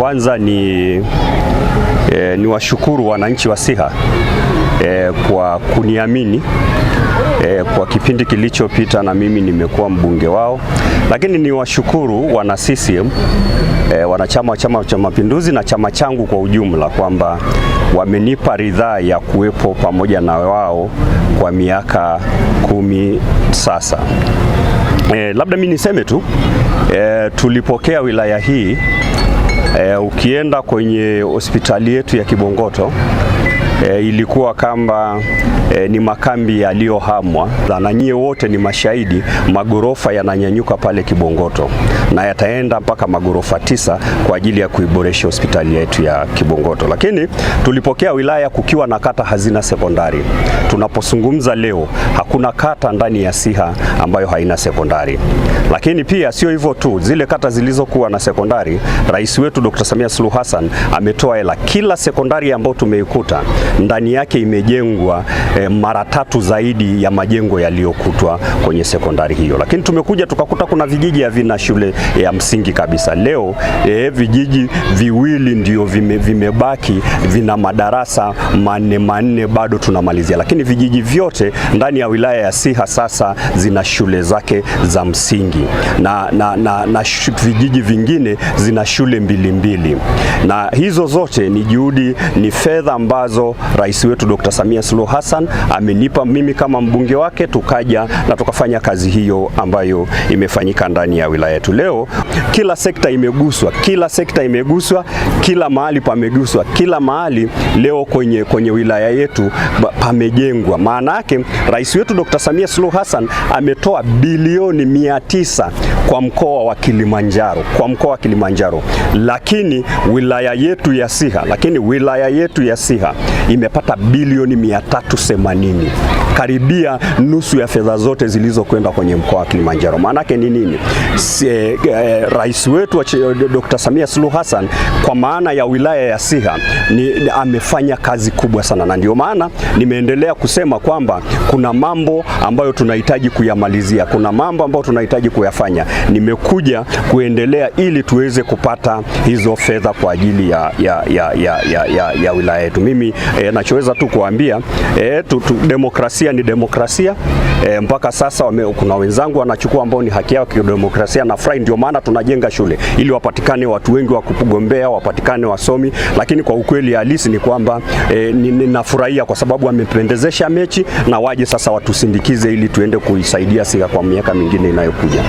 Kwanza ni, e, ni washukuru wananchi wa Siha e, kwa kuniamini e, kwa kipindi kilichopita na mimi nimekuwa mbunge wao, lakini ni washukuru wana CCM e, wanachama wa Chama cha Mapinduzi na chama changu kwa ujumla kwamba wamenipa ridhaa ya kuwepo pamoja na wao kwa miaka kumi sasa. E, labda mimi niseme tu e, tulipokea wilaya hii E, ukienda kwenye hospitali yetu ya Kibongoto e, ilikuwa kama e, ni makambi yaliyohamwa, na nyie wote ni mashahidi. Magorofa yananyanyuka pale Kibongoto na yataenda mpaka magorofa tisa kwa ajili ya kuiboresha hospitali yetu ya Kibongoto. Lakini tulipokea wilaya kukiwa na kata hazina sekondari. Tunapozungumza leo, hakuna kata ndani ya Siha ambayo haina sekondari. Lakini pia sio hivyo tu, zile kata zilizokuwa na sekondari, rais wetu Dr. Samia Suluhu Hassan ametoa hela kila sekondari ambayo tumeikuta ndani yake imejengwa e, mara tatu zaidi ya majengo yaliyokutwa kwenye sekondari hiyo. Lakini tumekuja tukakuta kuna vijiji havina shule ya msingi kabisa. Leo e, vijiji viwili ndio vime, vimebaki vina madarasa manne manne, bado tunamalizia, lakini vijiji vyote ndani ya wilaya ya Siha sasa zina shule zake za msingi na, na, na, na vijiji vingine zina shule mbili mbili, na hizo zote ni juhudi, ni fedha ambazo rais wetu Dr. Samia Suluhu Hassan amenipa mimi kama mbunge wake, tukaja na tukafanya kazi hiyo ambayo imefanyika ndani ya wilaya yetu. Leo kila sekta imeguswa, kila sekta imeguswa, kila mahali pameguswa, kila mahali leo kwenye, kwenye wilaya yetu pamejengwa. Maana yake rais wetu Dr. Samia Suluhu Hassan ametoa bilioni mia tisa kwa mkoa wa Kilimanjaro, kwa mkoa wa Kilimanjaro, lakini wilaya yetu ya Siha, lakini wilaya yetu ya Siha imepata bilioni 380 karibia nusu ya fedha zote zilizokwenda kwenye mkoa wa Kilimanjaro. Maanake ni nini? Si, e, rais wetu eh, Dr. Samia Suluhu Hassan kwa maana ya wilaya ya Siha ni, amefanya kazi kubwa sana, na ndio maana nimeendelea kusema kwamba kuna mambo ambayo tunahitaji kuyamalizia, kuna mambo ambayo tunahitaji kuyafanya. Nimekuja kuendelea ili tuweze kupata hizo fedha kwa ajili ya, ya, ya, ya, ya, ya, ya wilaya yetu. Mimi e, nachoweza tu kuambia eh, tu, tu, demokrasia demokrasia ni demokrasia e, mpaka sasa wame, kuna wenzangu wanachukua ambao ni haki yao kidemokrasia na furahi. Ndio maana tunajenga shule ili wapatikane watu wengi wa kugombea, wapatikane wasomi, lakini kwa ukweli halisi ni kwamba e, ninafurahia kwa sababu wamependezesha mechi na waje sasa watusindikize ili tuende kuisaidia Siha kwa miaka mingine inayokuja.